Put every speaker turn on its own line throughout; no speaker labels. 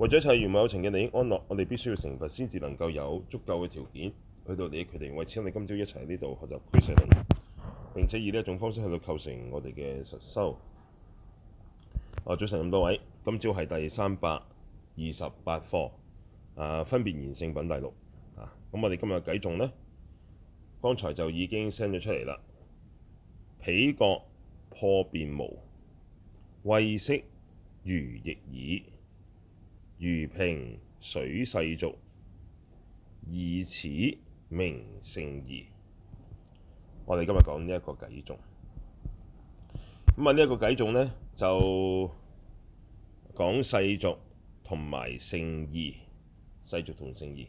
為咗一切如母有情嘅利益安樂，我哋必須要成佛，先至能夠有足夠嘅條件去到利益佢哋。為此，我哋今朝一齊喺呢度學習俱舍論，並且以呢一種方式去到構成我哋嘅實修。啊，早晨咁多位，今朝係第三百二十八課啊，分別賢聖品第六啊。咁我哋今日嘅偈頌呢，剛才就已經 send 咗出嚟啦。彼覺破便無，慧析餘亦爾。如瓶水世俗，異此名勝義。我哋今日講呢一個偈頌。咁啊，呢一個偈頌呢，就講世俗同埋勝義，世俗同勝義。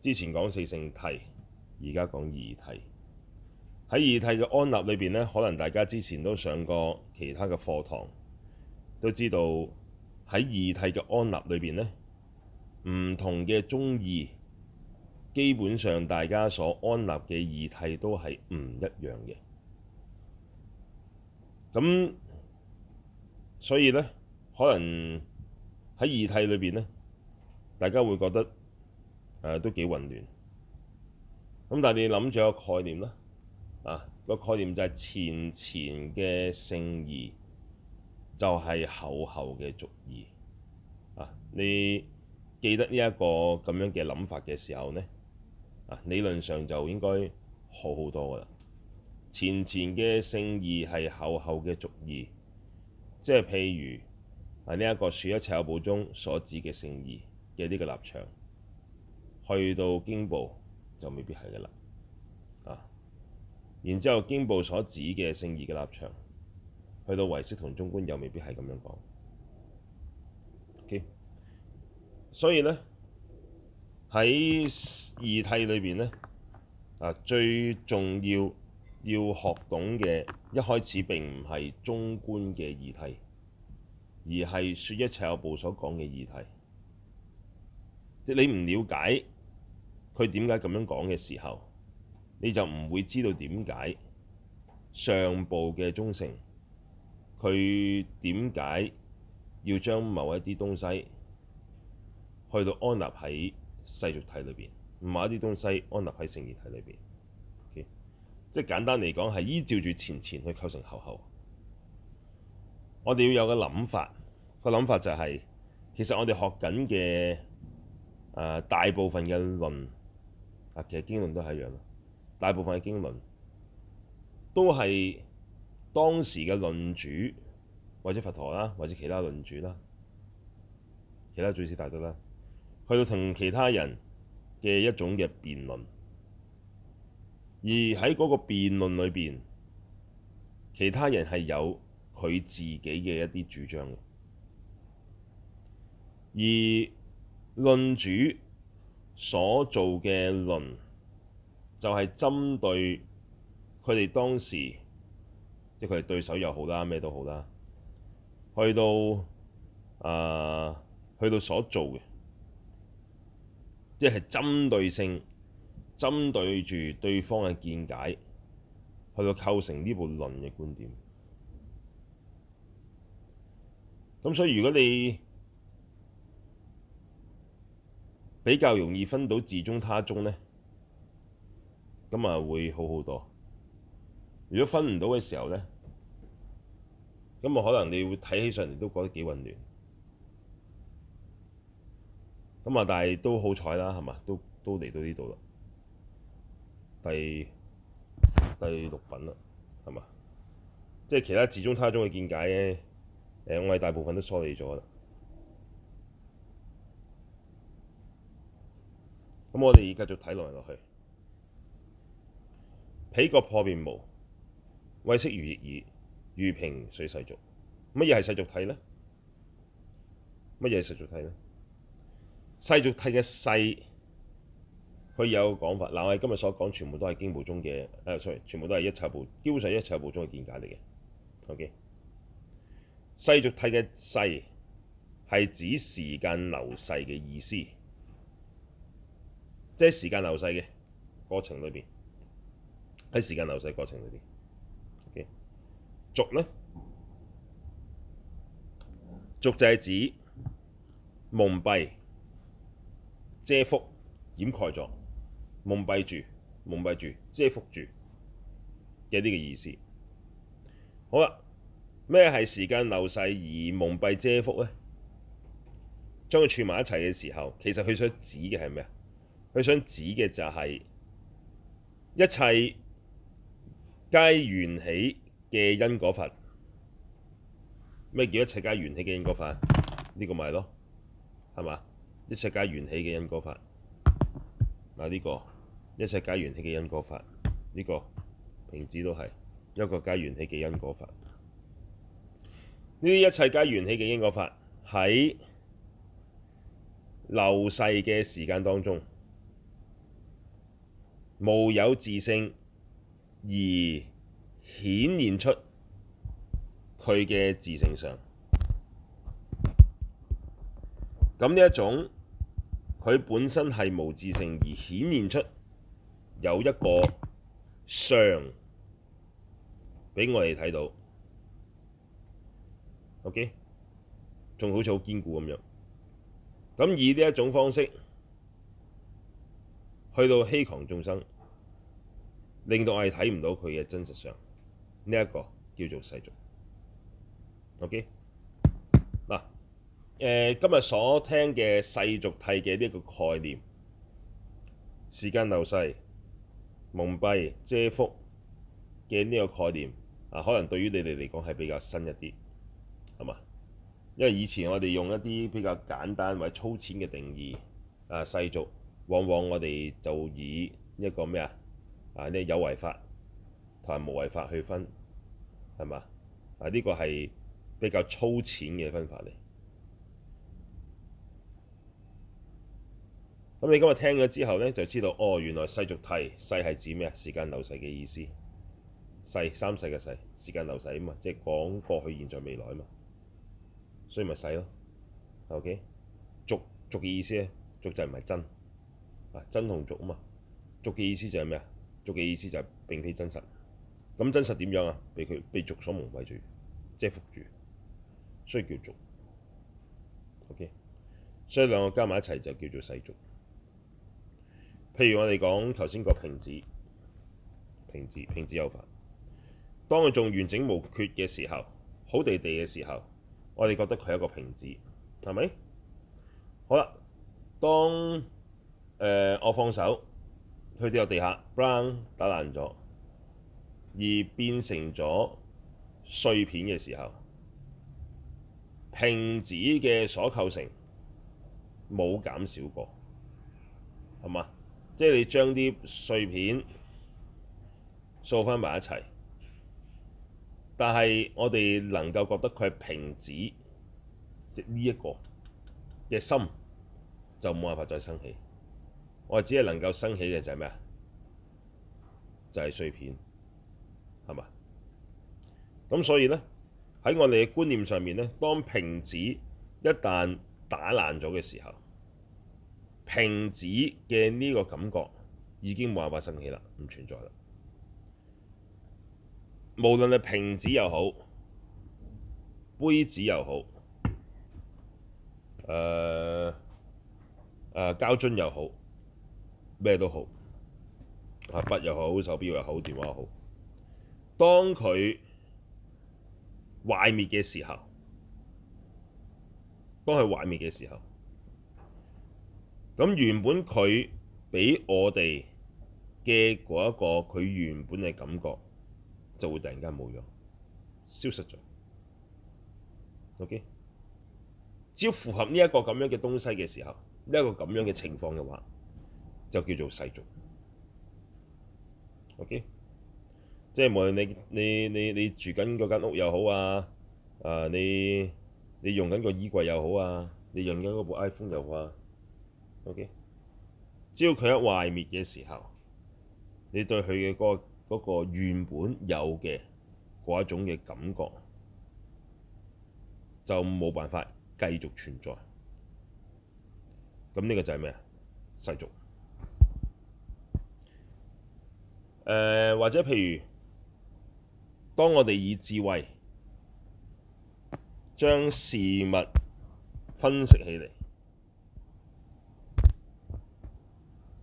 之前講四聖諦，而家講二諦。喺二諦嘅安立裏邊呢，可能大家之前都上過其他嘅課堂，都知道。喺二諦嘅安立裏邊呢，唔同嘅宗義，基本上大家所安立嘅二諦都係唔一樣嘅。咁所以呢，可能喺二諦裏邊呢，大家會覺得誒、呃、都幾混亂。咁但係你諗住個概念啦，啊、嗰個概念就係前前嘅勝義。就係後後嘅俗義。啊！你記得呢、這、一個咁樣嘅諗法嘅時候呢，啊，理論上就應該好好多噶啦。前前嘅勝義係後後嘅俗義，即係譬如喺呢一個《説一切有部》中所指嘅勝義嘅呢個立場，去到經部就未必係噶啦啊！然之後經部所指嘅勝義嘅立場，去到唯識同中觀又未必係咁樣講。Okay. 所以呢，喺二諦裏邊呢，啊，最重要要學懂嘅，一開始並唔係中觀嘅二諦，而係説一切有部所講嘅二諦。即你唔了解佢點解咁樣講嘅時候，你就唔會知道點解上部嘅忠誠。佢點解要將某一啲東西去到安立喺世俗諦裏邊，唔某一啲東西安立喺勝義諦裏邊，okay？即係簡單嚟講係依照住前前去構成後後。我哋要有個諗法，個諗法就係、是，其實我哋學緊嘅，呃、大部分嘅論啊，其實經論都係一樣，大部分嘅經論都係。當時嘅論主，或者佛陀啦，或者其他論主啦，其他主持大德啦，去到同其他人嘅一種嘅辯論，而喺嗰個辯論裏邊，其他人係有佢自己嘅一啲主張嘅，而論主所做嘅論就係針對佢哋當時。即佢哋對手又好啦，咩都好啦，去到啊、呃，去到所做嘅，即係針對性，針對住對方嘅見解，去到構成呢部論嘅觀點。咁所以如果你比較容易分到自宗他宗咧，咁啊會好好多。如果分唔到嘅時候咧，咁啊可能你會睇起上嚟都覺得幾混亂，咁啊但係都好彩啦係嘛，都都嚟到呢度啦，第第六品啦係嘛，即係、就是、其他自中他中嘅見解咧，誒我哋大部分都梳理咗啦，咁我哋而家繼續睇落嚟落去，彼覺破便無。慧析餘亦爾，如,如瓶水世俗。乜嘢係世俗諦呢？乜嘢係世俗諦呢？世俗諦嘅世，佢有講法嗱。我哋今日所講全部都係經部中嘅誒、啊、，sorry，全部都係一切有部基本上一切有部中嘅見解嚟嘅。Ok，世俗諦嘅世係指時間流逝嘅意思，即、就、係、是、時間流逝嘅過程裏邊喺時間流逝過程裏邊。俗呢，俗就係指蒙蔽、遮覆、掩蓋咗、蒙蔽住、蒙蔽住、遮覆住嘅呢個意思。好啦，咩係時間流逝而蒙蔽遮覆呢？將佢串埋一齊嘅時候，其實佢想指嘅係咩啊？佢想指嘅就係、是、一切皆緣起嘅因果法，咩叫一切皆緣起嘅因果法？呢、這個咪係咯，係嘛？一切皆緣起嘅因果法，嗱、這、呢個，一切皆緣起嘅因果法，呢、這個瓶子都係一個皆緣起嘅因果法。呢啲一切皆緣起嘅因果法喺流逝嘅時間當中，冇有自性而。顯現出佢嘅自性相，咁呢一種佢本身係無自性，而顯現出有一個相畀我哋睇到，OK，仲好似好堅固咁樣，咁以呢一種方式去到欺誑眾生，令到我哋睇唔到佢嘅真實相。呢一個叫做世俗，OK 嗱，誒今日所聽嘅世俗諦嘅呢一個概念，時間流逝、蒙蔽、遮覆嘅呢個概念，啊，可能對於你哋嚟講係比較新一啲，係嘛？因為以前我哋用一啲比較簡單或者粗淺嘅定義，啊世俗，往往我哋就以一個咩啊，啊，呢個有為法。同埋無違法去分係嘛啊？呢個係比較粗淺嘅分法嚟。咁你今日聽咗之後咧，就知道哦，原來世俗諦，世係指咩啊？時間流逝嘅意思世，世三世嘅世，時間流逝啊嘛，即係講過去、現在、未來啊嘛，所以咪世咯。O K，俗，俗嘅意思咧，俗就唔係真啊，真同俗啊嘛。俗嘅意思就係咩啊？俗嘅意思就係並非真實。咁真實點樣啊？被佢被俗所蒙蔽住、遮覆住，所以叫做俗。OK，所以兩個加埋一齊就叫做世俗。譬如我哋講頭先個瓶子，瓶子瓶子有法。當佢仲完整無缺嘅時候，好地地嘅時候，我哋覺得佢係一個瓶子，係咪？好啦，當、呃、我放手去掉落地下 bang 打爛咗。而變成咗碎片嘅時候，瓶子嘅所構成冇減少過，係嘛？即係你將啲碎片掃翻埋一齊，但係我哋能夠覺得佢係瓶子，即呢一個嘅心就冇辦法再生起。我只係能夠生起嘅就係咩啊？就係碎片。係嘛？咁所以呢，喺我哋嘅觀念上面呢，當瓶子一旦打爛咗嘅時候，瓶子嘅呢個感覺已經冇辦法生起啦，唔存在啦。無論係瓶子又好，杯子又好，誒、呃呃、膠樽又好，咩都好，筆又好，手錶又好，電話又好。當佢毀滅嘅時候，當佢毀滅嘅時候，咁原本佢俾我哋嘅嗰一個，佢原本嘅感覺，就會突然間冇咗，消失咗。OK，只要符合呢一個咁樣嘅東西嘅時候，呢一個咁樣嘅情況嘅話，就叫做世俗。OK。即係無論你你你你住緊嗰間屋又好啊，啊、呃、你你用緊個衣櫃又好啊，你用緊嗰部 iPhone 又好啊，OK，只要佢一壞滅嘅時候，你對佢嘅嗰個嗰個原本有嘅嗰一種嘅感覺，就冇辦法繼續存在。咁呢個就係咩啊？世俗。誒、呃、或者譬如～當我哋以智慧將事物分析起嚟，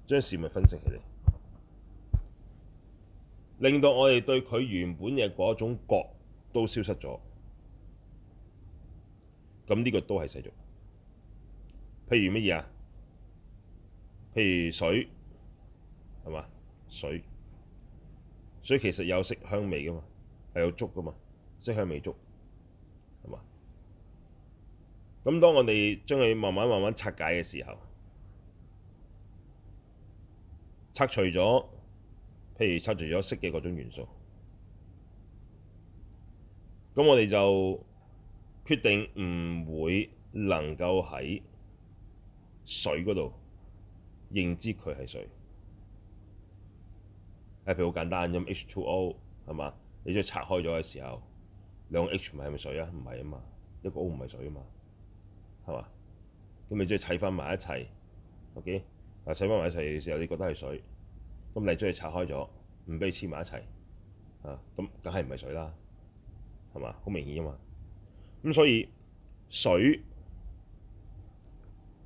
將事物分析起嚟，令到我哋對佢原本嘅嗰種覺都消失咗。咁呢個都係世俗，譬如乜嘢啊？譬如水係嘛？水，水其實有色香味噶嘛？係有觸㗎嘛？色香味觸，係嘛？咁當我哋將佢慢慢慢慢拆解嘅時候，拆除咗，譬如拆除咗色嘅各種元素，咁我哋就決定唔會能夠喺水嗰度認知佢係水。誒，譬如好簡單咁，H2O，係嘛？你再拆開咗嘅時候，兩個 H 咪係咪水啊？唔係啊嘛，一個 O 唔係水啊嘛，係嘛？咁你再砌翻埋一齊，OK？啊砌翻埋一齊嘅時候，你覺得係水，咁你再拆開咗，唔俾黐埋一齊，啊咁梗係唔係水啦？係嘛？好明顯啊嘛。咁所以水，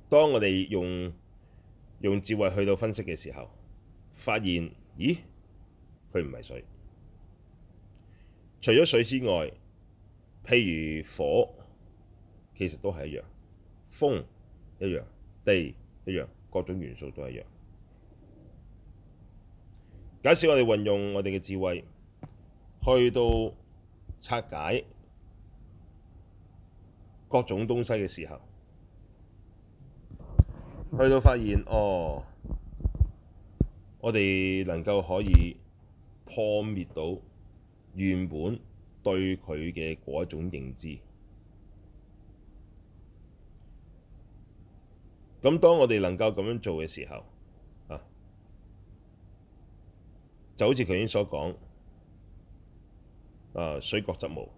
當我哋用用智慧去到分析嘅時候，發現咦，佢唔係水。除咗水之外，譬如火，其實都係一樣；風一樣，地一樣，各種元素都係一樣。假使我哋運用我哋嘅智慧，去到拆解各種東西嘅時候，去到發現，哦，我哋能夠可以破滅到，原本對佢嘅嗰一種認知，咁當我哋能夠咁樣做嘅時候，啊，就好似頭先所講，啊，水覺則無。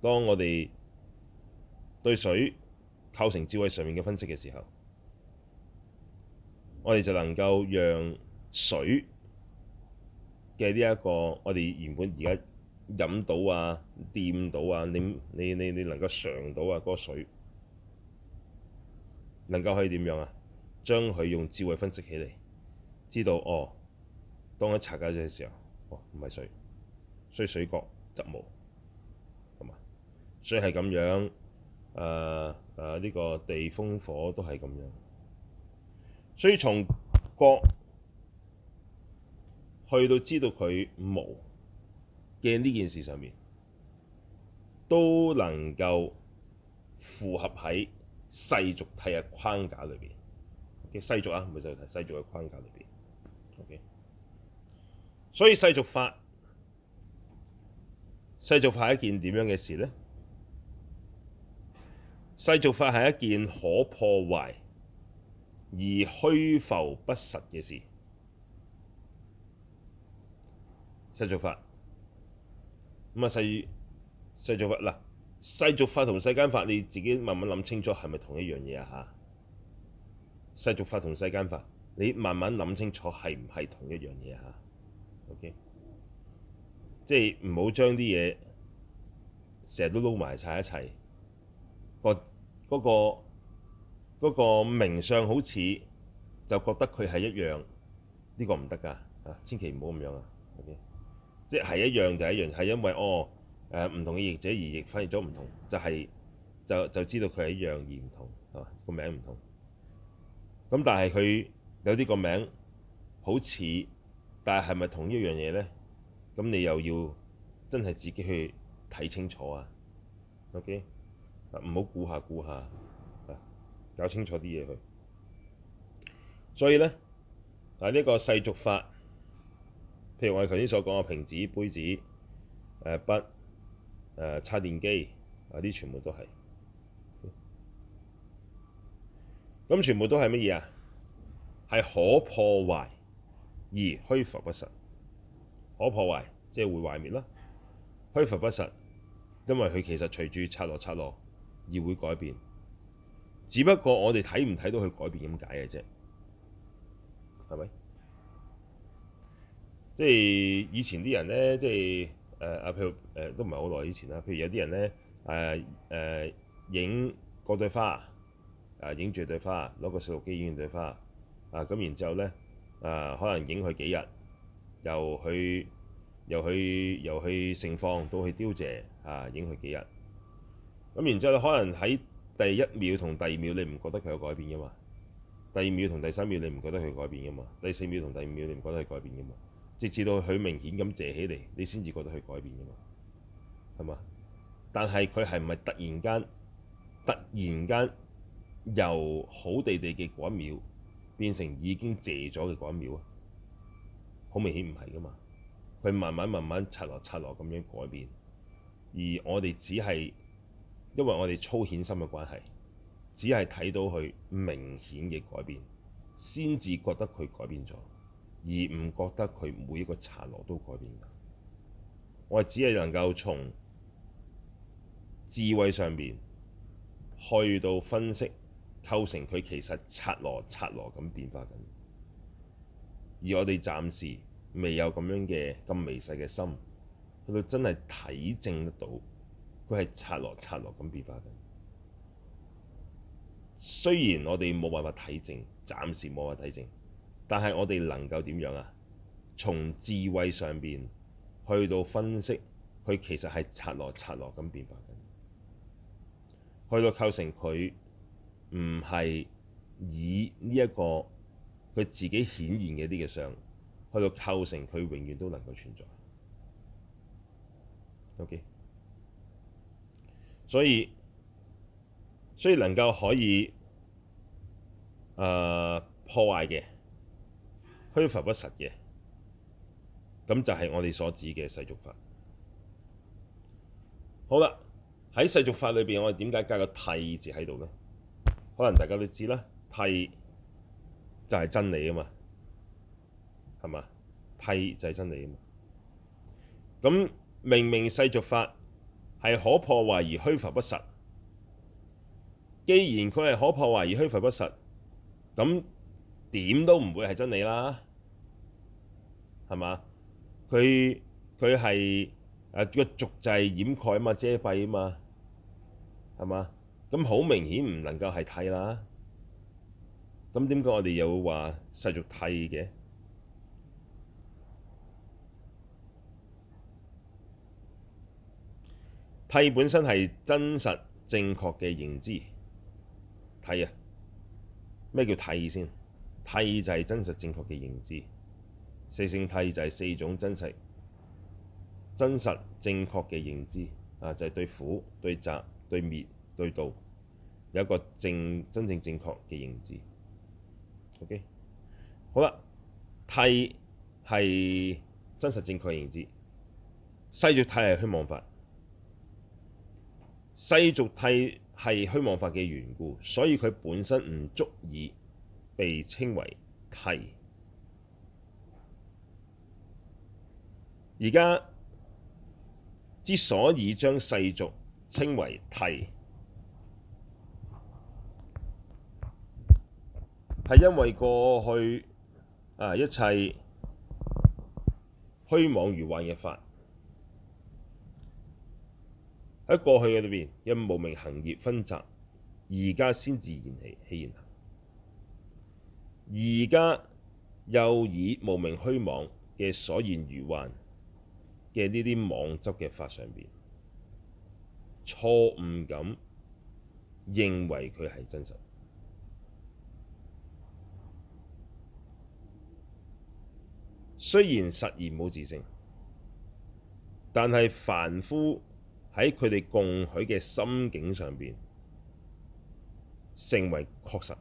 當我哋對水構成智慧上面嘅分析嘅時候，我哋就能夠讓水。嘅呢一個，我哋原本而家飲到啊、掂到啊、你你你你能夠嘗到啊，嗰、那個水能夠可以點樣啊？將佢用智慧分析起嚟，知道哦，當一拆解嘅時候，哦唔係水，所以水覺則無，同所以係咁樣，誒誒呢個地風火都係咁樣，所以從國。去到知道佢冇嘅呢件事上面，都能夠符合喺世俗諦嘅框架裏邊。嘅世俗啊，唔係世俗諦，世俗嘅框架裏邊。OK，所以世俗法，世俗法係一件點樣嘅事呢？世俗法係一件可破壞而虛浮不實嘅事。世俗法咁啊，世世俗法嗱，世俗法同、啊、世、世間法，你自己慢慢諗清楚係咪同一樣嘢啊？嚇，世俗法同世間法，你慢慢諗清楚係唔係同一樣嘢啊？OK，即係唔好將啲嘢成日都撈埋晒一齊，嗰個嗰個、嗰個名相好似就覺得佢係一樣呢、呢個唔得㗎啊！千祈唔好咁樣啊！OK。即係一樣就係一樣，係因為哦誒唔、呃、同嘅譯者而亦發現咗唔同，就係、是、就就知道佢係一樣而唔同，係、啊、嘛、嗯、個名唔同。咁但係佢有啲個名好似，但係係咪同一樣嘢咧？咁你又要真係自己去睇清楚啊。OK，唔好估下估下，啊搞清楚啲嘢去。所以咧，啊呢、呢個世俗法。譬如我哋頭先所講嘅瓶子、杯子、誒筆、誒、呃、插電機啊啲、呃、全部都係，咁、嗯、全部都係乜嘢啊？係可破壞而虛浮不實，可破壞即係會壞滅啦，虛浮不實，因為佢其實隨住拆落拆落而會改變，只不過我哋睇唔睇到佢改變咁解嘅啫，係咪？即係以前啲人呢，即係誒啊！譬如誒都唔係好耐以前啦。譬如有啲人呢，誒誒影個對花，對花，對花啊，影住對花攞個攝錄機影對花啊。咁然之後呢，啊，可能影佢幾日，又去又去又去盛放，到去凋謝啊，影佢幾日。咁然之後，可能喺第一秒同第二秒你唔覺得佢有改變噶嘛？第二秒同第三秒你唔覺得佢改變噶嘛？第四秒同第五秒你唔覺得佢改變噶嘛？直至到佢明顯咁借起嚟，你先至覺得佢改變噶嘛，係嘛？但係佢係唔係突然間、突然間由好地地嘅嗰一秒變成已經借咗嘅嗰一秒啊？好明顯唔係噶嘛，佢慢慢慢慢刷落刷落咁樣改變，而我哋只係因為我哋粗淺心嘅關係，只係睇到佢明顯嘅改變，先至覺得佢改變咗。而唔覺得佢每一個剎那都改變㗎，我哋只係能夠從智慧上面去到分析構成佢其實剎那剎那咁變化緊，而我哋暫時未有咁樣嘅咁微細嘅心去到真係體證得到佢係剎那剎那咁變化緊。雖然我哋冇辦法體證，暫時冇辦法體證。但係我哋能夠點樣啊？從智慧上邊去到分析，佢其實係刷落刷落咁變化緊，去到構成佢唔係以呢一個佢自己顯現嘅一啲嘅相，去到構成佢永遠都能夠存在。OK，所以所以能夠可以誒、呃、破壞嘅。虛浮不實嘅，咁就係我哋所指嘅世俗法。好啦，喺世俗法裏邊，我哋點解加個諦字喺度呢？可能大家都知啦，諦就係真理啊嘛，係嘛？諦就係真理啊嘛。咁明明世俗法係可破壞而虛浮不實，既然佢係可破壞而虛浮不實，咁點都唔會係真理啦。係嘛？佢，佢係誒個俗諦掩蓋啊嘛，遮蔽啊嘛，係嘛？咁好明顯唔能夠係諦啦。咁點解我哋又話世俗諦嘅？諦本身係真實正確嘅認知。諦啊，咩叫諦先？諦就係真實正確嘅認知。四聖諦就係四種真實、真實正確嘅認知啊，就係、是、對苦、對集、對滅、對道有一個正真正正確嘅認知。OK，好啦，諦係真實正確認知。世俗諦係虛妄法，世俗諦係虛妄法嘅緣故，所以佢本身唔足以被稱為諦。而家之所以將世俗稱為諦」，係因為過去啊一切虛妄如幻嘅法喺過去嘅裏邊因無明行業熏習，而家先自然起起現，而家又以無明虛妄嘅所現如幻。嘅呢啲妄執嘅法上邊，錯誤咁認為佢係真實，雖然實現冇自性，但係凡夫喺佢哋共許嘅心境上邊，成為確實，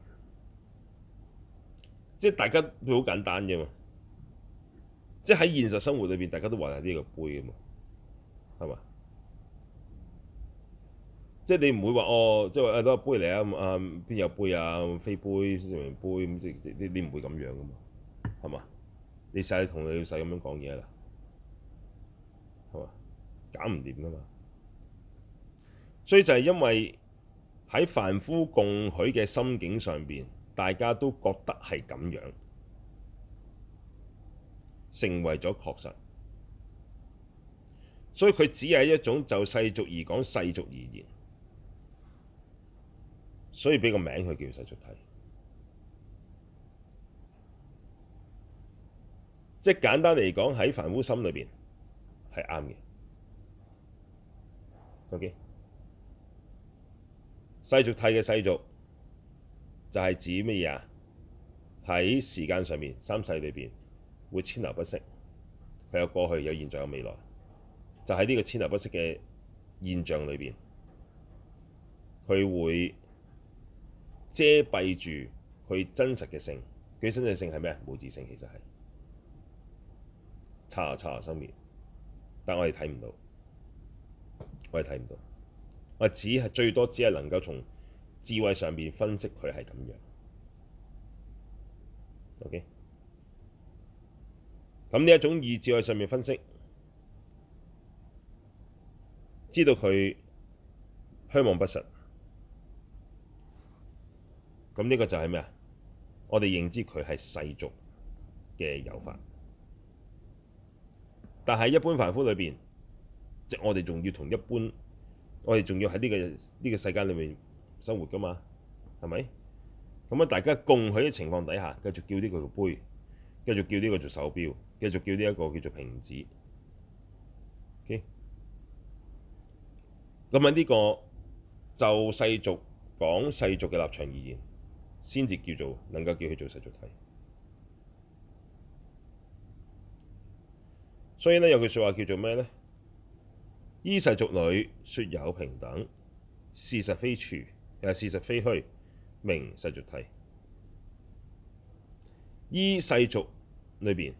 即係大家好簡單啫嘛。即喺現實生活裏邊，大家都話係呢個杯吖嘛，係嘛？即係你唔會話哦，即係話攞杯嚟啊，邊、嗯、有杯啊？飛杯、飛盤杯咁，你你唔會咁樣噶嘛？係嘛？你細同你老細咁樣講嘢啦，係嘛？搞唔掂噶嘛？所以就係因為喺凡夫共許嘅心境上邊，大家都覺得係咁樣。成為咗確實，所以佢只係一種就世俗而講世俗而言，所以俾個名佢叫世俗諦，即係簡單嚟講喺凡夫心裏邊係啱嘅。OK，世俗諦嘅世俗就係指乜嘢啊？喺時間上面，三世裏邊。會遷流不息，佢有過去，有現在，有未來，就喺、是、呢個遷流不息嘅現象裏邊，佢會遮蔽住佢真實嘅性。佢真實性係咩？冇無自性，其實係查查差啊，生滅，但我哋睇唔到，我哋睇唔到，我只係最多只係能夠從智慧上面分析佢係咁樣。OK。咁呢一種意志喺上面分析，知道佢虛妄不實。咁呢個就係咩啊？我哋認知佢係世俗嘅有法，但係一般凡夫裏面，即我哋仲要同一般，我哋仲要喺呢個呢個世界裏面生活噶嘛，係咪？咁啊，大家共許嘅情況底下，繼續叫呢個做杯，繼續叫呢個做手錶。繼續叫呢、這、一個叫做瓶子。咁喺呢個就世俗講世俗嘅立場而言，先至叫做能夠叫佢做世俗諦。所以呢，有句説話叫做咩呢？「依世俗理，説有瓶等，是實非處又係是實非虛，名世俗諦。依世俗理邊。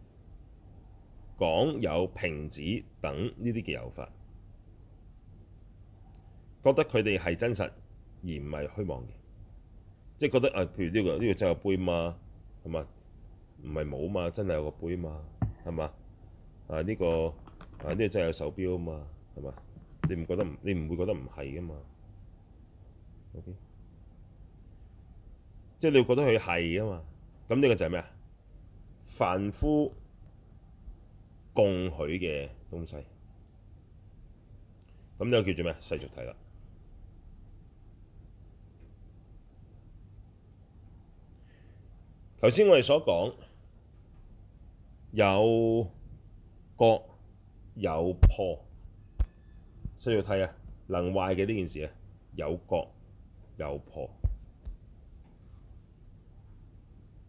講有瓶子等呢啲嘅有法，覺得佢哋係真實而唔係虛妄嘅，即係覺得啊，譬如呢個呢個真係有杯嘛，係嘛？唔係冇啊嘛，真係有個杯嘛，係嘛？啊呢個啊呢個真係有手錶啊嘛，係嘛？你唔覺得你唔會覺得唔係噶嘛？OK，即係你會覺得佢係噶嘛？咁呢個就係咩啊？凡夫。共許嘅東西，咁就叫做咩？世俗諦啦。頭先我哋所講有覺有破世俗諦啊，能壞嘅呢件事啊，有覺有破，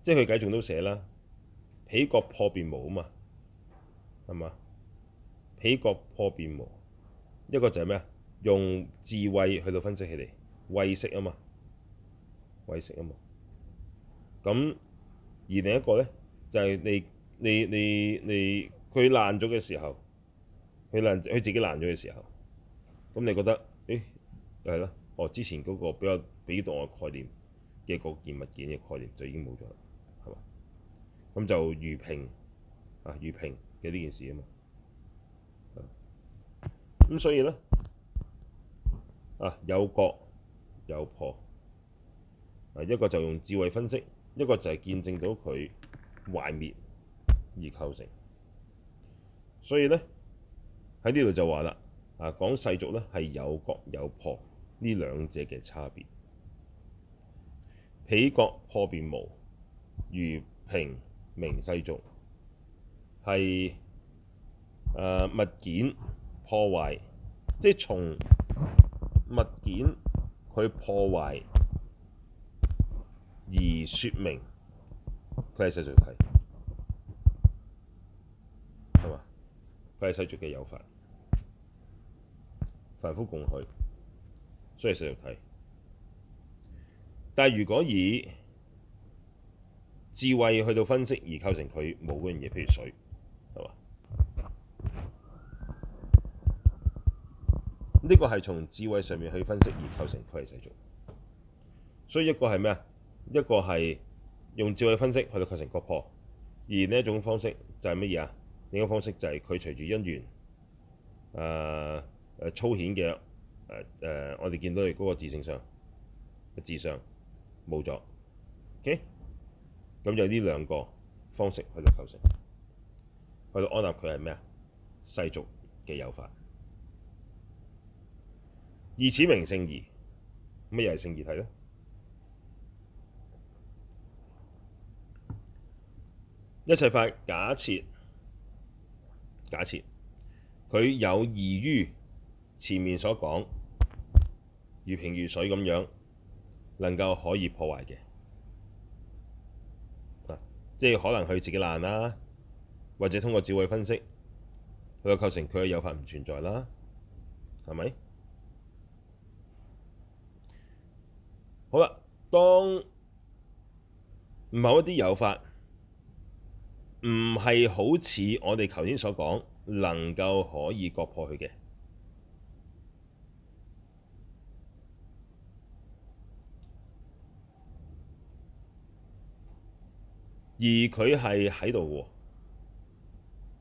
即係佢偈頌都寫啦，彼覺破便無啊嘛。係嘛？彼覺破便無，一個就係咩啊？用智慧去到分析佢哋慧析啊嘛，慧析啊嘛。咁而另一個咧就係、是、你你你你佢爛咗嘅時候，佢爛佢自己爛咗嘅時候，咁你覺得誒係咯？哦，之前嗰個比較俾到我概念嘅個件物件嘅概念就已經冇咗啦，係嘛？咁就如瓶啊，如瓶。嘅呢件事啊嘛，咁所以咧啊有覺有破，啊一個就是用智慧分析，一個就係見證到佢壞滅而構成。所以咧喺呢度就話啦，啊講世俗咧係有覺有破呢兩者嘅差別，彼覺破便無，如瓶名世俗。係誒、呃、物件破壞，即從從物件佢破壞而說明佢係世俗諦，係嘛？佢係世俗嘅有法，凡夫共許，所以世俗諦。但如果以智慧去到分析，而構成佢冇嗰樣嘢，譬如水。呢個係從智慧上面去分析而構成佢係世俗，所以一個係咩啊？一個係用智慧分析去到構成覺破，而呢一種方式就係乜嘢啊？另一種方式就係佢隨住因緣，誒誒粗顯嘅誒誒，我哋見到佢嗰個自性上嘅智商冇咗，OK？咁就呢兩個方式去到構成，去到安立佢係咩啊？世俗嘅有法。以此名勝義，乜嘢係勝義諦呢？一切法，假設，假設，佢有異於前面所講如瓶如水咁樣，能夠可以破壞嘅，即係可能佢自己爛啦，或者通過智慧分析佢嘅構成，佢嘅有法唔存在啦，係咪？好啦，當某一啲有法，唔係好似我哋頭先所講，能夠可以割破佢嘅，而佢係喺度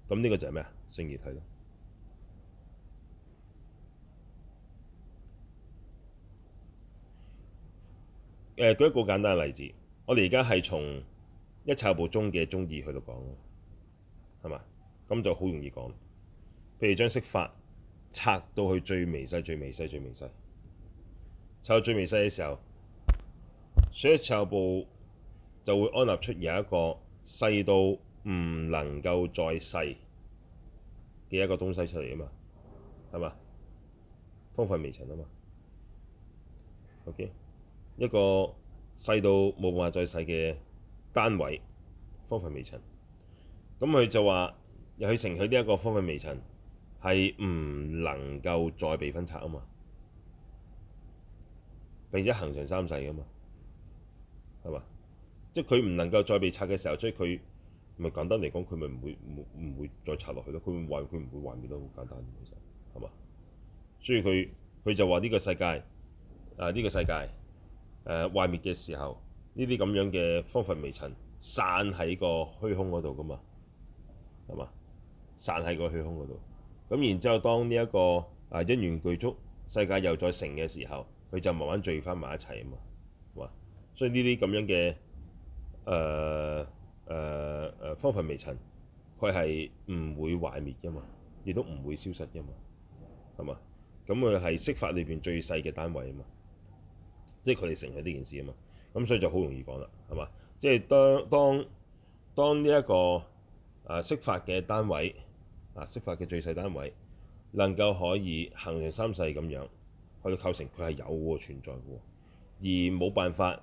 喎，咁呢個就係咩啊？勝義諦咯。誒、呃、舉一個簡單嘅例子，我哋而家係從一切有部中嘅宗義去到講，係嘛？咁就好容易講。譬如將色法拆到去最微細、最微細、最微細，拆到最微細嘅時候，所以一切有部就會安立出有一個細到唔能夠再細嘅一個東西出嚟啊嘛，係嘛？方分微塵啊嘛，OK。一個細到冇辦法再細嘅單位方分微塵，咁佢就話：又去成佢呢一個方分微塵係唔能夠再被分拆啊嘛，並且恆常三世噶嘛，係嘛？即係佢唔能夠再被拆嘅時候，所以佢咪簡單嚟講，佢咪唔會唔唔會再拆落去咯。佢壞佢唔會壞滅得好簡單，其實係嘛？所以佢佢就話呢個世界啊，呢個世界。啊這個世界誒壞滅嘅時候，呢啲咁樣嘅方塊微塵散喺個虛空嗰度噶嘛，係嘛？散喺個虛空嗰度。咁然之後當、這個，當呢一個啊因緣具足，世界又再成嘅時候，佢就慢慢聚翻埋一齊啊嘛，係嘛？所以呢啲咁樣嘅誒誒誒方塊微塵，佢係唔會壞滅噶嘛，亦都唔會消失噶嘛，係嘛？咁佢係釋法裏邊最細嘅單位啊嘛。即係佢哋承認呢件事啊嘛，咁所以就好容易講啦，係嘛？即係當當當呢一個啊釋法嘅單位啊釋法嘅最細單位能夠可以行人三世咁樣去構成，佢係有嘅存在嘅，而冇辦法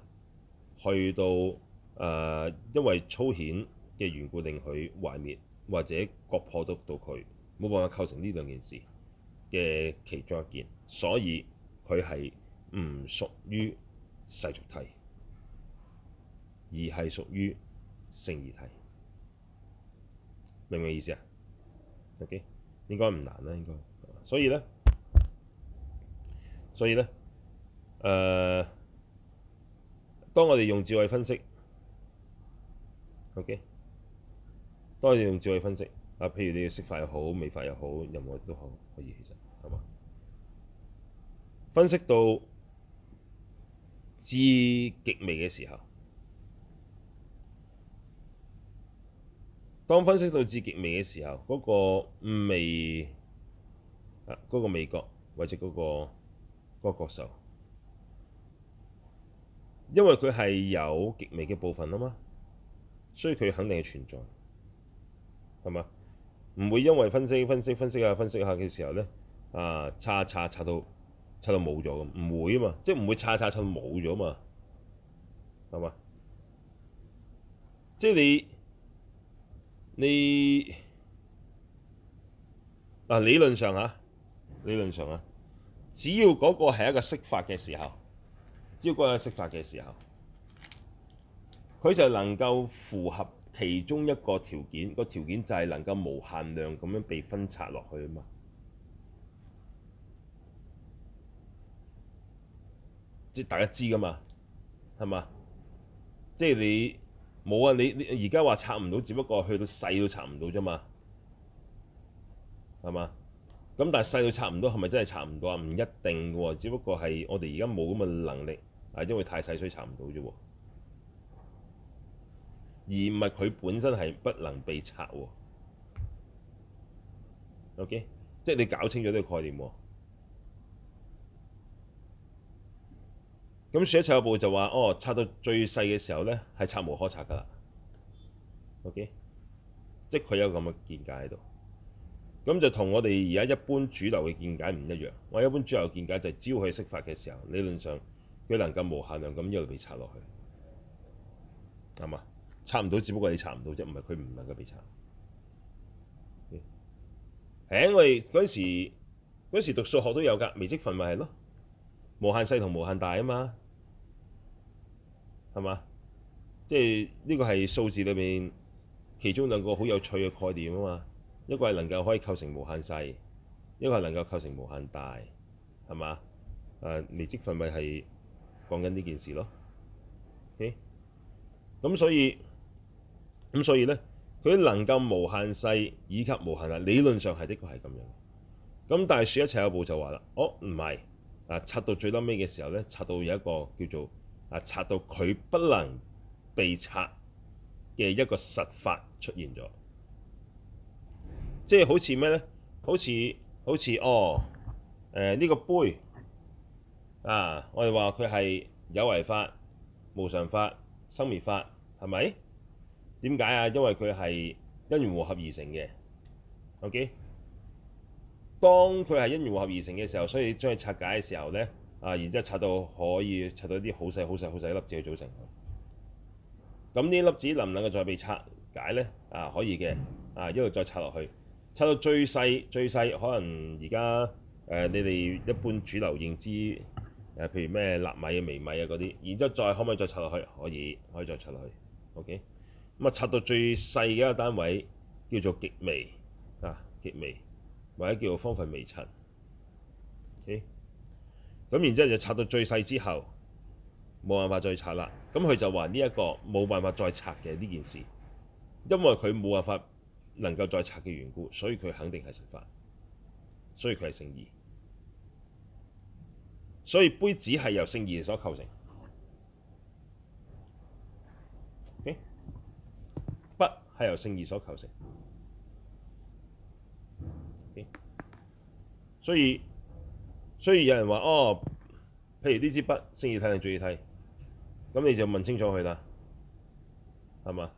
去到誒、呃、因為粗顯嘅緣故令佢壞滅或者割破得到佢，冇辦法構成呢兩件事嘅其中一件，所以佢係，唔屬於世俗諦，而係屬於勝義諦，明唔明意思啊？OK，應該唔難啦，應該。所以咧，所以咧，誒，當我哋用智慧分析，OK，當我哋用智慧分析，啊，譬如你色法又好，味法又好，任何都好，可以其實係嘛？分析到。至極微嘅時候，當分析到至極微嘅時候，嗰、那個味嗰、那個味覺或者嗰、那個嗰、那個受覺，因為佢係有極微嘅部分啊嘛，所以佢肯定係存在，係嘛？唔會因為分析分析分析下分析下嘅時候呢，啊，查啊查查到，拆到冇咗咁，唔會啊嘛，即係唔會拆拆拆到冇咗嘛，係嘛？即係你，你啊理論上嚇，理論上嚇，只要嗰個係一個釋法嘅時候，只要嗰個係釋法嘅時候，佢就能夠符合其中一個條件，個條件就係能夠無限量咁樣被分拆落去啊嘛。即大家知噶嘛，係嘛？即係你冇啊！你而家話拆唔到，只不過去到細都拆唔到啫嘛，係嘛？咁但係細到拆唔到，係咪真係拆唔到啊？唔一定喎，只不過係我哋而家冇咁嘅能力啊，因為太細所以拆唔到啫喎。而唔係佢本身係不能被拆喎。OK，即係你搞清楚呢個概念喎。咁說一切有部就話：哦，拆到最細嘅時候咧，係拆無可拆噶啦。OK，即佢有咁嘅見解喺度。咁就同我哋而家一般主流嘅見解唔一樣。我一般主流見解就係：只要佢釋法嘅時候，理論上佢能夠無限量咁一路被拆落去。係嘛？拆唔到，只不過你拆唔到啫，唔係佢唔能夠被拆。係，OK，啊，我哋嗰陣時嗰陣時讀數學都有㗎，微積分咪係咯，無限細同無限大啊嘛。係嘛？即係呢個係數字裏面其中兩個好有趣嘅概念啊嘛。一個係能夠可以構成無限細，一個係能夠構成無限大，係嘛？誒、啊、微積分咪係講緊呢件事咯。咁、okay? 所以咁所以咧，佢能夠無限細以及無限大，理論上係的確係咁樣。咁說一切有部就話啦，哦，唔係啊，拆到最撈尾嘅時候咧，拆到有一個叫做。啊！拆到佢不能被拆嘅一個實法出現咗，即係好似咩呢？好似好似哦，呢、呃這個杯啊，我哋話佢係有為法、無常法、生滅法，係咪？點解啊？因為佢係因緣和合而成嘅。OK，當佢係因緣和合而成嘅時候，所以將佢拆解嘅時候呢。啊，然之後拆到可以拆到啲好細、好細、好細粒子去組成。咁呢粒子能唔能夠再被拆解呢？啊，可以嘅。啊，一路再拆落去，拆到最細、最細，可能而家誒你哋一般主流認知，啊，譬如咩納米啊、微米啊嗰啲，然之後再可唔可以再拆落去？可以，可以再拆落去。OK，咁啊，拆到最細嘅一個單位叫做極微啊，極微或者叫做方份微塵。Okay? 咁然之後就拆到最細之後，冇辦法再拆啦。咁佢就話呢一個冇辦法再拆嘅呢件事，因為佢冇辦法能夠再拆嘅緣故，所以佢肯定係實法，所以佢係勝義，所以杯子係由勝義所構成，誒，筆係由勝義所構成，所以。所以有人話哦，譬如呢支筆，勝義諦定俗義諦？咁你就問清楚佢啦，係嘛？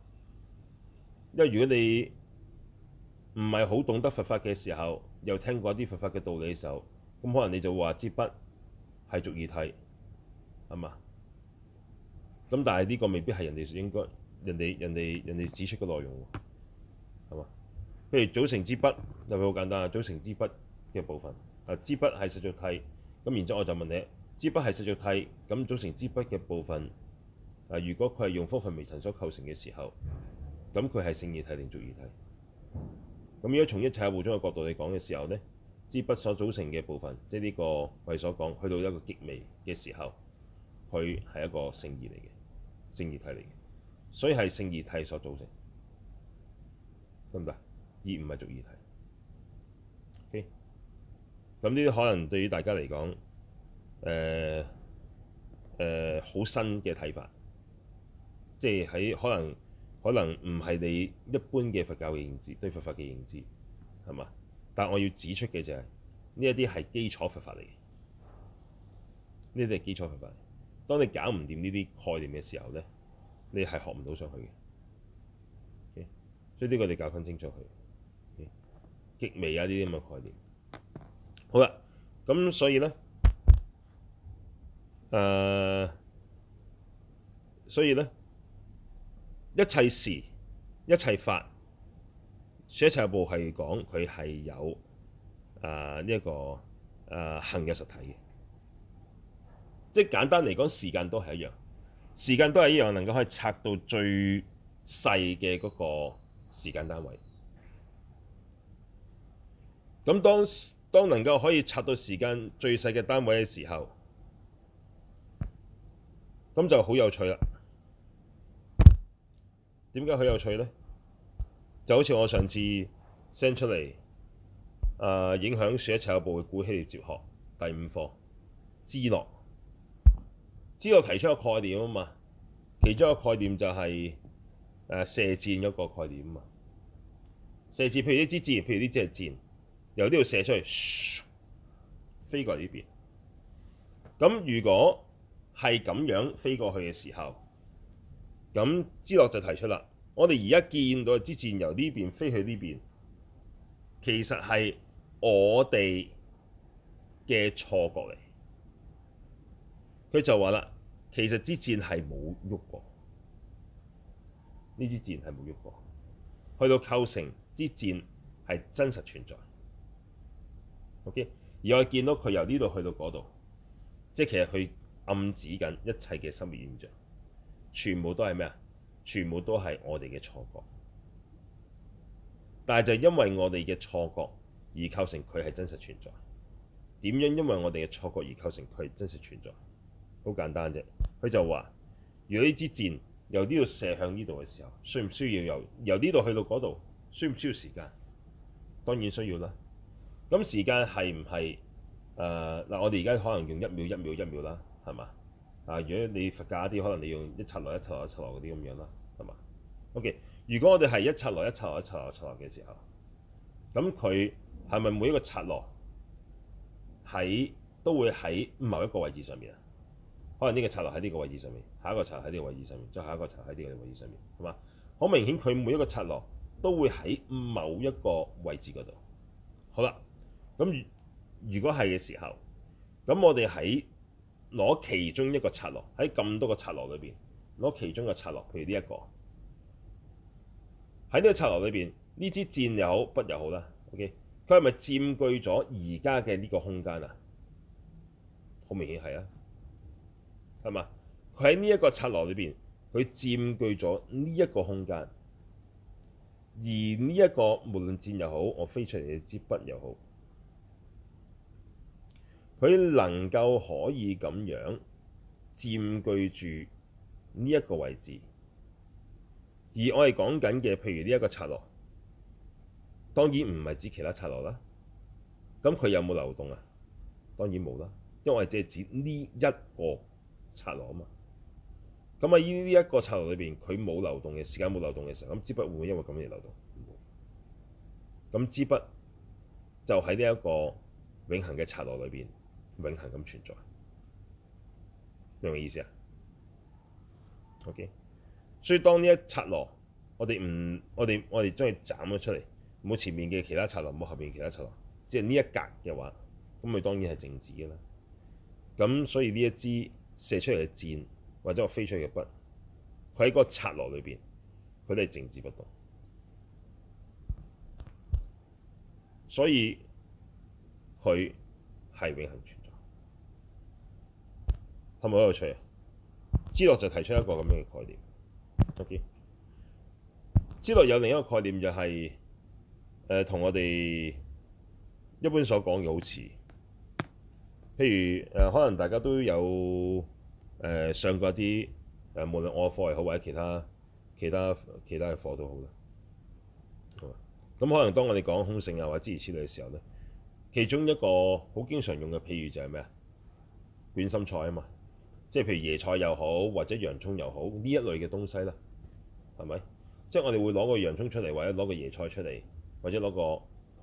因為如果你唔係好懂得佛法嘅時候，又聽過一啲佛法嘅道理嘅時候，咁可能你就話支筆係俗義諦，係嘛？咁但係呢個未必係人哋應該人哋人哋人哋指出嘅內容喎，係嘛？譬如組成支筆，係咪好簡單啊？組成支筆嘅部分。啊！枝筆係實在體，咁然之後我就問你：支筆係實在體，咁組成支筆嘅部分，啊，如果佢係用複合微塵所構成嘅時候，咁佢係勝義體定俗義體？咁如果從一切有宗嘅角度嚟講嘅時候咧，支筆所組成嘅部分，即係、這、呢個我哋所講，去到一個極微嘅時候，佢係一個勝義嚟嘅，勝義體嚟嘅，所以係勝義體所組成，得唔得？而唔係俗義體。咁呢啲可能對於大家嚟講，誒誒好新嘅睇法，即係喺可能可能唔係你一般嘅佛教嘅認知，對佛法嘅認知係嘛？但係我要指出嘅就係呢一啲係基礎佛法嚟嘅。呢啲係基礎佛法。當你搞唔掂呢啲概念嘅時候咧，你係學唔到上去嘅。Okay? 所以呢個你搞教翻清楚佢，okay? 極微啊，呢啲咁嘅概念。好啦，咁所以咧，誒、呃，所以咧，一切事、一切法，所以說一切有部係講佢係有啊呢一個啊恆嘅實體嘅，即係簡單嚟講，時間都係一樣，時間都係一樣，能夠可以拆到最細嘅嗰個時間單位。咁當時。當能夠可以拆到時間最細嘅單位嘅時候，咁就好有趣啦。點解好有趣呢？就好似我上次 send 出嚟啊，影響樹一齊有部《古希臘哲學》第五課，芝諾。芝諾提出一個概念啊嘛，其中一個概念就係、誒、射箭嗰個概念啊嘛。射箭，譬如一支箭，譬如呢支係箭。由呢度射出去，飛過嚟呢邊。咁如果係咁樣飛過去嘅時候，咁之樂就提出啦。我哋而家見到支箭由呢邊飛去呢邊，其實係我哋嘅錯覺嚟。佢就話啦，其實支箭係冇喐過，呢支箭係冇喐過。去到構成支箭係真實存在。Okay? 而我見到佢由呢度去到嗰度，即係其實佢暗指緊一切嘅心理現象，全部都係咩啊？全部都係我哋嘅錯覺。但係就因為我哋嘅錯覺而構成佢係真實存在。點樣因為我哋嘅錯覺而構成佢係真實存在？好簡單啫。佢就話：如果呢支箭由呢度射向呢度嘅時候，需唔需要由由呢度去到嗰度？需唔需要時間？當然需要啦。咁時間係唔係誒嗱？呃，我哋而家可能用一秒一秒一秒啦，係嘛？啊，如果你佛家啲，可能你用一剎那一剎那剎那嗰啲咁樣啦，係嘛？OK，如果我哋係一剎那一剎那一剎那剎那嘅時候，咁佢係咪每一個剎那喺都會喺某一個位置上面啊？可能呢個剎那喺呢個位置上面，下一個剎那喺呢個位置上面，再下一個剎那喺呢個位置上面，係嘛？好明顯，佢每一個剎那都會喺某一個位置嗰度。好啦。咁如果係嘅時候，咁我哋喺攞其中一個插落喺咁多個插落裏邊攞其中嘅插落，譬如呢、這、一個喺呢個插落裏邊，呢支箭又好筆又好啦。OK，佢係咪佔據咗而家嘅呢個空間啊？好明顯係啊，係嘛？佢喺呢一個插落裏邊，佢佔據咗呢一個空間，而呢、這、一個無論箭又好，我飛出嚟嘅支筆又好。佢能夠可以咁樣佔據住呢一個位置，而我哋講緊嘅，譬如呢一個策落，當然唔係指其他策落啦。咁佢有冇流動啊？當然冇啦，因為我哋只係指呢一個策落啊嘛。咁喺呢呢一個策落裏面，佢冇流動嘅時間冇流動嘅時候，咁支筆會唔會因為咁樣而流動？咁支筆就喺呢一個永恆嘅策落裏面。永恆咁存在，明唔明意思啊？OK，所以當呢一剎那，我哋唔，我哋我哋將佢斬咗出嚟，冇前面嘅其他剎那，冇後面其他剎那，只係呢一格嘅話，咁佢當然係靜止嘅啦。咁所以呢一支射出嚟嘅箭，或者我飛出去嘅筆，佢喺嗰個剎那裏邊，佢都係靜止不動。所以佢係永恆好有趣啊？資諾就提出一個咁樣嘅概念，得嘅。資諾有另一個概念就係誒同我哋一般所講嘅好似，譬如誒、呃、可能大家都有誒、呃、上過一啲誒、呃、無論我嘅課又好，或者其他其他其他嘅課都好嘅。咁、嗯、可能當我哋講空性啊或者諸如此類嘅時候咧，其中一個好經常用嘅譬如就係咩啊？捲心菜啊嘛～即係譬如椰菜又好，或者洋葱又好呢一類嘅東西啦，係咪？即係我哋會攞個洋葱出嚟，或者攞個椰菜出嚟，或者攞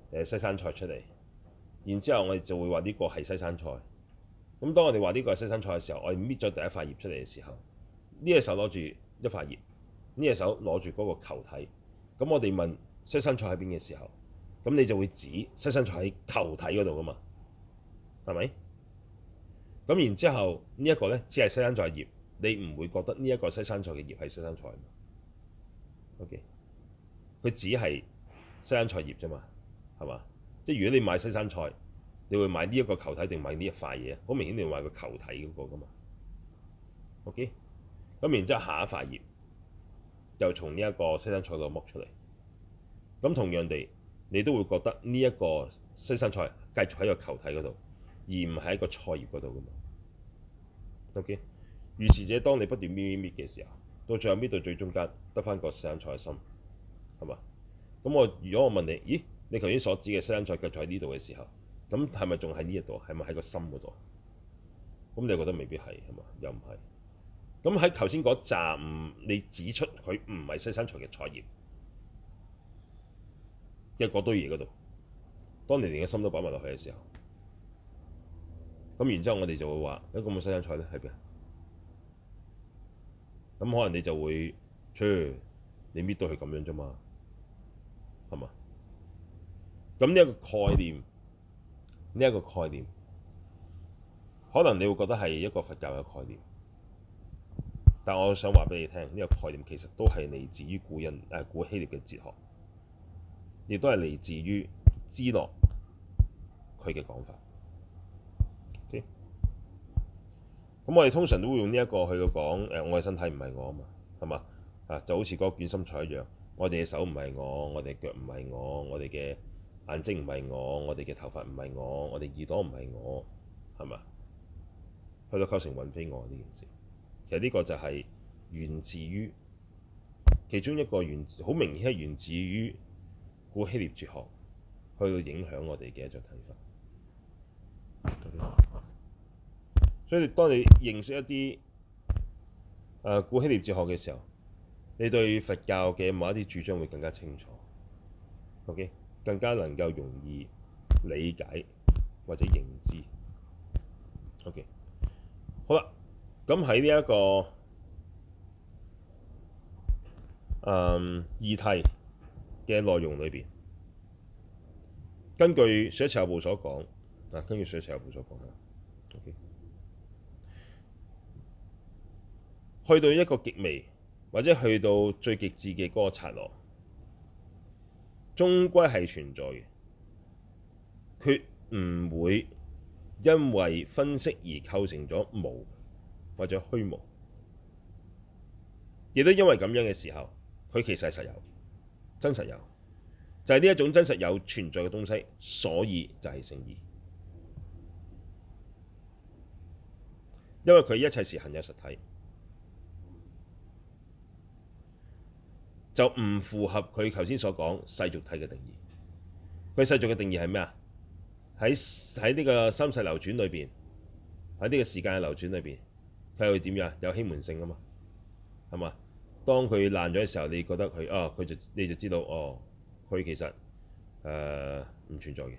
個誒西生菜出嚟。然之後我哋就會話呢個係西生菜。咁當我哋話呢個係西生菜嘅時候，我哋搣咗第一塊葉出嚟嘅時候，呢隻手攞住一塊葉，呢隻手攞住嗰個球體。咁我哋問西生菜喺邊嘅時候，咁你就會指西生菜喺球體嗰度噶嘛，係咪？咁然之後呢一個呢，只係西生菜葉，你唔會覺得呢一個西生菜嘅葉係西生菜啊？OK，佢只係西生菜葉啫嘛，係嘛？即如果你買西生菜，你會買呢一個球體定買呢一塊嘢？好明顯你會買個球體嗰個噶嘛？OK，咁然之後下一塊葉，就從呢一個西生菜度剝出嚟。咁同樣地，你都會覺得呢一個西生菜繼續喺個球體嗰度。而唔喺個菜葉嗰度㗎嘛，OK？如是者，當你不斷搣搣搣嘅時候，到最後搣到最中間，得返個西生菜心，係嘛？咁我如果我問你，咦？你頭先所指嘅西生菜腳就喺呢度嘅時候，咁係咪仲喺呢一度？係咪喺個心嗰度？咁你又覺得未必係，係嘛？又唔係？咁喺頭先嗰站，你指出佢唔係西生菜嘅菜葉，一個堆嘢嗰度，當你連個心都擺埋落去嘅時候。咁然之後，我哋就會話，咁個西芹菜咧喺邊？咁可能你就會，你搣到佢咁樣啫嘛，係嘛？咁呢一個概念，呢一個概念，可能你會覺得係一個佛教嘅概念，但我想話畀你聽，呢個概念其實都係嚟自於古人、誒古希臘嘅哲學，亦都係嚟自於芝諾佢嘅講法。咁我哋通常都會用呢一個去到講，誒、呃、我嘅身體唔係我啊嘛，係嘛啊，就好似嗰捲心菜一樣，我哋嘅手唔係我，我哋嘅腳唔係我，我哋嘅眼睛唔係我，我哋嘅頭髮唔係我，我哋耳朵唔係我，係嘛？去到構成雲飛我呢件事，其實呢個就係源自於其中一個源，好明顯係源自於古希臘哲學去到影響我哋嘅一種睇法。所以，當你認識一啲誒古希臘哲學嘅時候，你對佛教嘅某一啲主張會更加清楚。OK，更加能夠容易理解或者認知。OK，好啦，咁喺呢一個誒、嗯、議題嘅內容裏邊，根據說一切有部所講，嗱、啊，根據說一切有部所講嚇。OK？去到一個極微，或者去到最極致嘅嗰個剎那，終歸係存在嘅。佢唔會因為分析而構成咗無或者虛無。亦都因為咁樣嘅時候，佢其實係實有，真實有，就係呢一種真實有存在嘅東西。所以就係勝義，因為佢一切時恆有實體。就唔符合佢頭先所講世俗體嘅定義。佢世俗嘅定義係咩啊？喺喺呢個三世流轉裏邊，喺呢個時間嘅流轉裏邊，佢係會點樣？有欺瞞性啊嘛，係嘛？當佢爛咗嘅時候，你覺得佢哦，佢就你就知道哦，佢其實誒唔、呃、存在嘅，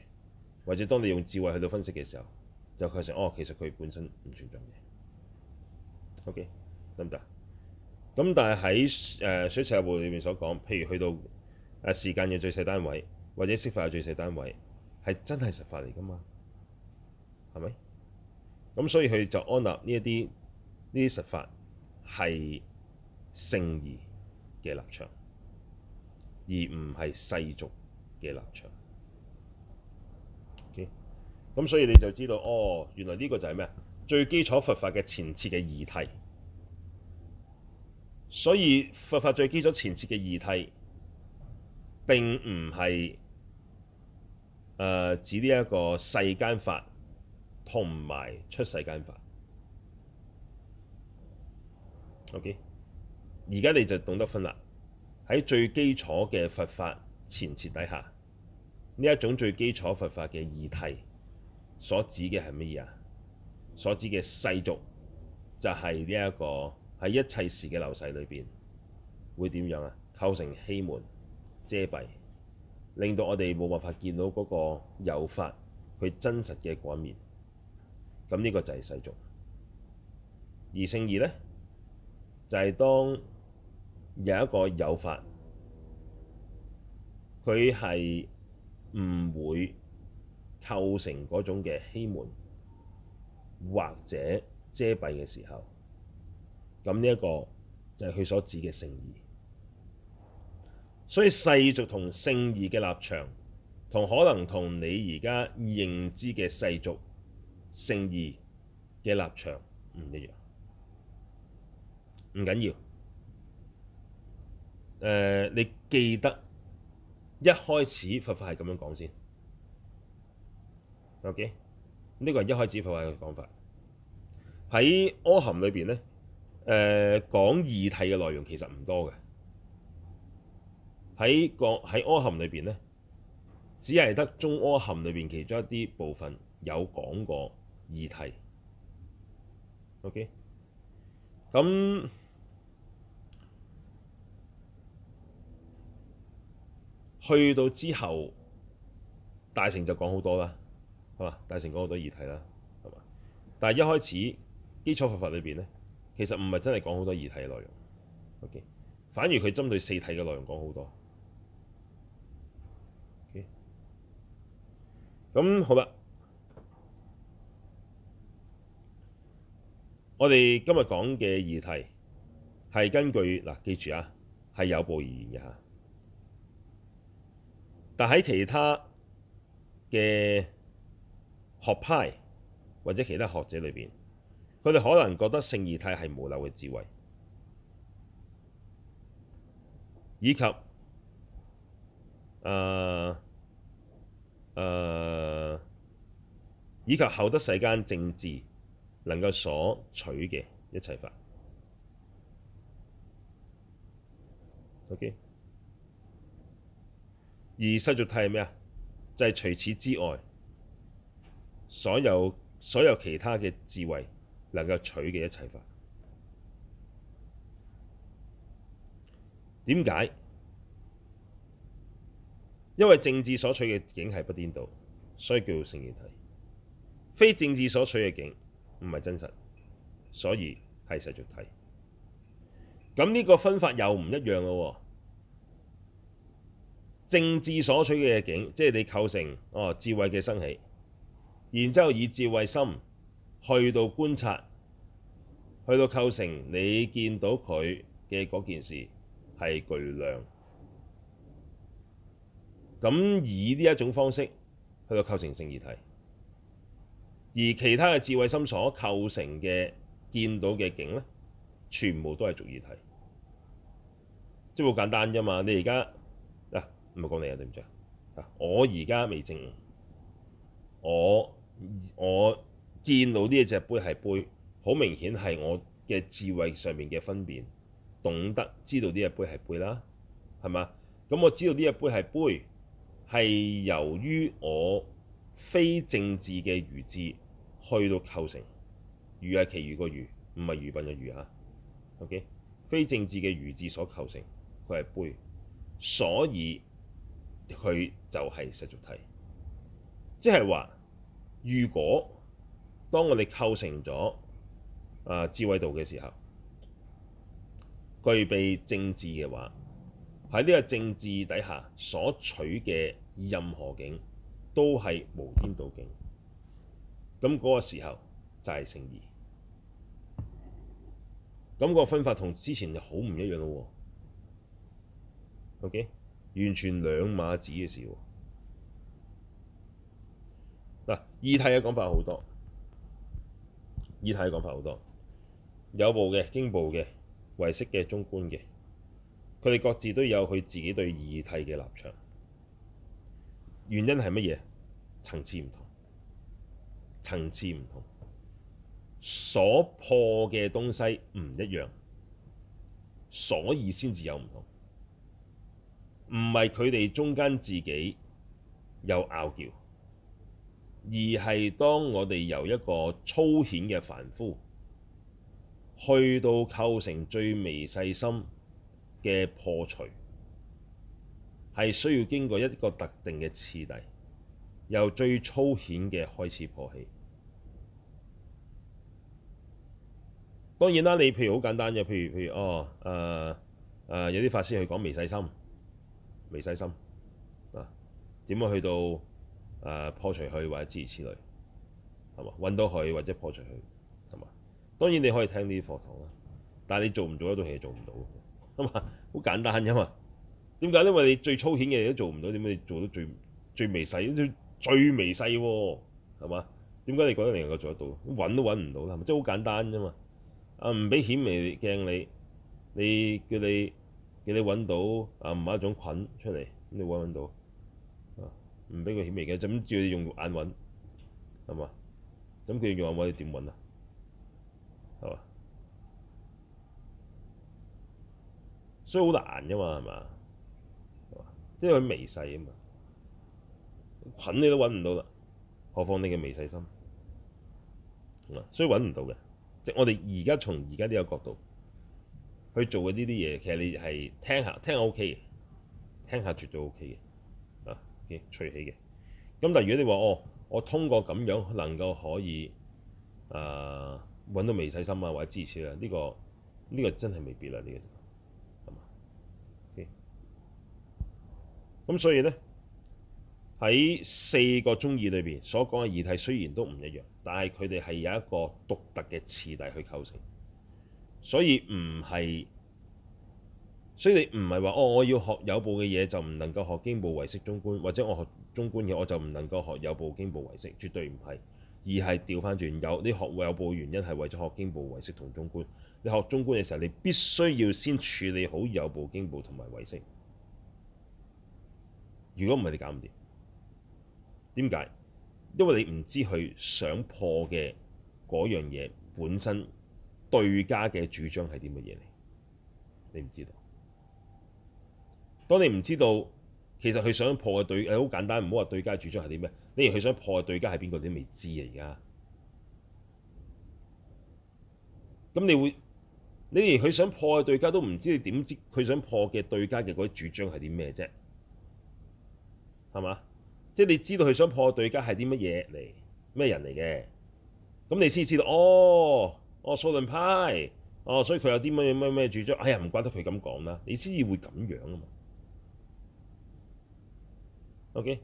或者當你用智慧去到分析嘅時候，就確實哦，其實佢本身唔存在嘅。OK，得唔得？咁但係喺誒水財務裏面所講，譬如去到誒時間嘅最細單位，或者色法嘅最細單位，係真係實法嚟㗎嘛？係咪？咁所以佢就安立呢一啲呢啲實法係勝義嘅立場，而唔係世俗嘅立場。咁、okay? 所以你就知道，哦，原來呢個就係咩？最基礎佛法嘅前設嘅議題。所以佛法最基礎前設嘅義題並唔係誒指呢一個世間法同埋出世間法。OK，而家你就懂得分啦。喺最基礎嘅佛法前設底下，呢一種最基礎佛法嘅義題所指嘅係乜嘢啊？所指嘅世俗就係呢一個。喺一切時嘅流逝裏邊，會點樣啊？構成欺瞞、遮蔽，令到我哋冇辦法見到嗰個誘法佢真實嘅一面。咁呢個就係世俗。而勝義呢，就係、是、當有一個誘法，佢係唔會構成嗰種嘅欺瞞或者遮蔽嘅時候。咁呢一個就係佢所指嘅勝義，所以世俗同勝義嘅立場，同可能同你而家認知嘅世俗勝義嘅立場唔一樣。唔緊要，誒、呃，你記得一開始佛法係咁樣講先。OK，呢個係一開始佛法嘅講法。喺阿含裏邊咧。誒、呃、講二諦嘅內容其實唔多嘅，喺個喺阿含裏邊咧，只係得中阿含裏邊其中一啲部分有講過二諦。OK，咁去到之後，大乘就講多了好多啦，係嘛？大乘講多二諦了好多二諦啦，係嘛？但係一開始基礎佛法裏邊咧。其實唔係真係講好多二諦嘅內容，OK，反而佢針對四諦嘅內容講好多，OK。咁好啦，我哋今日講嘅二諦係根據嗱、啊、記住啊，係有部而言嘅吓，但喺其他嘅學派或者其他學者裏邊。佢哋可能覺得勝義諦係無漏嘅智慧，以及誒誒、呃呃，以及後得世間正智能夠所取嘅一切法。OK，而世俗諦係咩啊？就係、是、除此之外，所有所有其他嘅智慧。能夠取嘅一切法，點解？因為正智所取嘅境係不顛倒，所以叫勝義諦；非正智所取嘅境唔係真實，所以係世俗諦。咁呢個分法又唔一樣咯。正智所取嘅境，即係你構成哦智慧嘅生起，然之後以智慧心，去到觀察，去到構成，你見到佢嘅嗰件事係巨量，咁以呢一種方式去到構成勝義諦，而其他嘅智慧心所構成嘅見到嘅景呢，全部都係俗義諦，即係好簡單啫嘛。你而家唔係講你啊，你對唔住，我而家未證，我我。見到呢一隻杯係杯，好明顯係我嘅智慧上面嘅分辨，懂得知道呢一杯係杯啦，係嘛？咁我知道呢一杯係杯，係由於我非正智嘅餘智去到構成，餘係其餘個餘，唔係愚笨嘅愚嚇。OK，非正智嘅餘智所構成，佢係杯，所以佢就係世俗體，即係話如果。當我哋構成咗啊智慧道嘅時候，具備正智嘅話，喺呢個正智底下所取嘅任何境都係無顛倒境。咁嗰個時候就係勝義。咁、那個分法同之前好唔一樣咯、啊、OK，完全兩碼子嘅事喎、啊。嗱、啊，二諦嘅講法好多。二諦講法好多，有部嘅、經部嘅、唯識嘅、中觀嘅，佢哋各自都有佢自己對二諦嘅立場。原因係乜嘢？層次唔同，層次唔同，所破嘅東西唔一樣，所以先至有唔同。唔係佢哋中間自己有拗撬。而係當我哋由一個粗顯嘅凡夫去到構成最微細心嘅破除，係需要經過一個特定嘅次第，由最粗顯嘅開始破起。當然啦，你譬如好簡單嘅，譬如譬如哦，誒、呃、誒、呃，有啲法師去講微細心，微細心啊，點樣去到？誒、啊、破除佢或者諸如此類，係嘛？揾到佢或者破除佢，係嘛？當然你可以聽呢啲課堂啦，但係你做唔做得到其實做唔到，係嘛？好簡單啫嘛。點解？因為你最粗顯嘅嘢都做唔到，點解你做到最最微細？最微細喎、啊，係嘛？點解你覺得你能夠做得到？揾都揾唔到啦，係咪？即係好簡單啫嘛。啊，唔俾顯微鏡你，你叫你叫你揾到啊，某一種菌出嚟，你揾唔揾到？唔俾佢顯微嘅，就咁要，要用眼揾，係嘛？咁佢用眼揾，你點揾啊？係嘛？所以好難㗎、就是、嘛，係嘛？即係佢微細啊嘛，菌你都揾唔到啦，何況你嘅微細心，係嘛？所以揾唔到嘅。即、就是、我哋而家從而家呢個角度去做嘅呢啲嘢，其實你係聽下聽下 OK 嘅，聽下、OK、聽下絕對 OK 嘅。嘅吹起嘅，咁、okay, 但係如果你話哦，我通過咁樣能夠可以誒揾、呃、到微細心啊或者支持啦，呢、這個呢、這個真係未必啦呢個，係嘛咁所以呢，喺四個宗義裏邊所講嘅二諦雖然都唔一樣，但係佢哋係有一個獨特嘅次第去構成，所以唔係。所以你唔係話哦，我要學有部嘅嘢就唔能夠學經部唯識中觀，或者我學中觀嘅我就唔能夠學有部經部唯識。絕對唔係。而係調翻轉，有你學有部嘅原因係為咗學經部唯識同中觀。你學中觀嘅時候，你必須要先處理好有部經部同埋唯識。如果唔係，你搞唔掂。點解？因為你唔知佢想破嘅嗰樣嘢本身對家嘅主張係啲乜嘢嚟，你唔知道。當你唔知道，其實佢想破嘅對，好簡單，唔好話對家主張係啲咩。你連佢想破嘅對家係邊個，你都未知啊。而家，咁你會，你連佢想破嘅對家都唔知，你點知佢想破嘅對家嘅嗰啲主張係啲咩啫？係嘛？即係你知道佢想破對家係啲乜嘢嚟，咩人嚟嘅？咁你先知道，哦，哦，數論派，哦，所以佢有啲乜嘢乜嘢主張，哎呀，唔怪得佢咁講啦。你先至會咁樣啊嘛。O.K.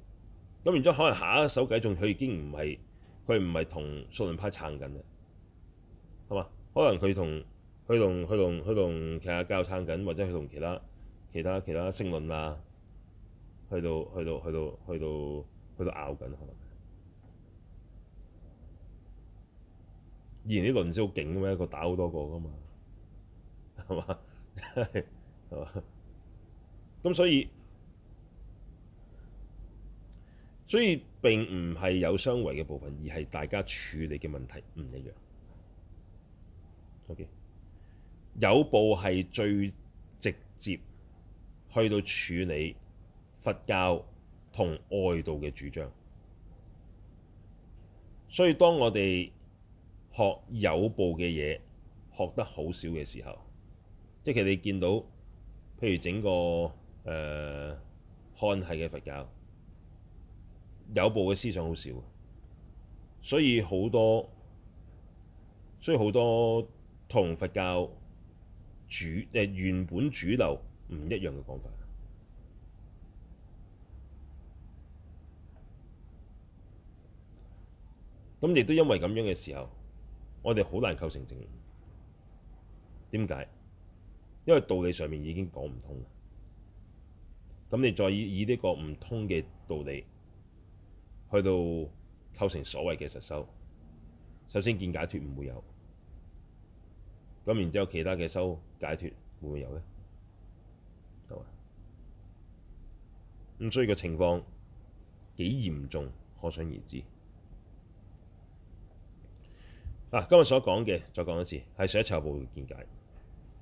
咁完咗，可能下一手計仲佢已經唔係佢唔係同數論派撐緊嘅，係嘛？可能佢同佢同佢同佢同其他教撐緊，或者佢同其他其他其他聲論啊，去到去到去到去到去到拗緊，可能以前啲論師好勁嘅咩？一個打好多個噶嘛，係嘛？係 嘛？咁所以。所以並唔係有相違嘅部分，而係大家處理嘅問題唔一樣。OK，有部係最直接去到處理佛教同外道嘅主張。所以當我哋學有部嘅嘢學得好少嘅時候，即係你見到譬如整個呃漢系嘅佛教。有部嘅思想好少，所以好多，所以好多同佛教主誒，原本主流唔一樣嘅講法。咁亦都因為咁樣嘅時候，我哋好難構成正。點解？因為道理上面已經講唔通啦。咁你再以以呢個唔通嘅道理去到構成所謂嘅實修，首先見解脫唔會有，咁然之後其他嘅修解脱會唔會有呢？係嘛、啊？咁所以這個情況幾嚴重，可想而知。嗱、啊，今日所講嘅再講一次，係說一切有部嘅見解，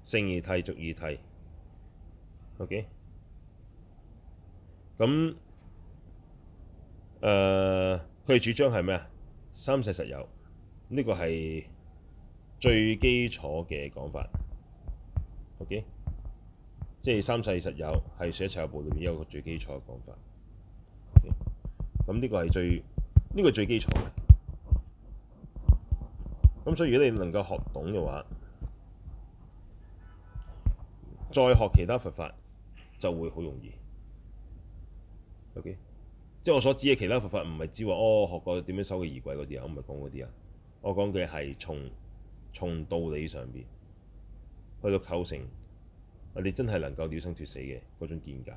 勝義諦，俗義諦。OK，咁。誒，佢、呃、主張係咩啊？三世實有，呢個係最基礎嘅講法。OK，即係三世實有係說一切有部裏面有個最基礎嘅講法。OK，咁呢個係最，呢、這個最基礎嘅。咁所以如果你能夠學懂嘅話，再學其他佛法就會好容易。OK。即係我所指嘅，其他佛法唔係指話哦，學過點樣修嘅儀軌嗰啲啊，我唔係講嗰啲啊，我講嘅係從從道理上邊去到構成啊，你真係能夠了生脫死嘅嗰種見解，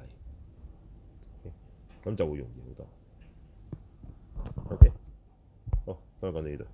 咁、OK? 就會容易好多。OK，好，翻去講到呢度。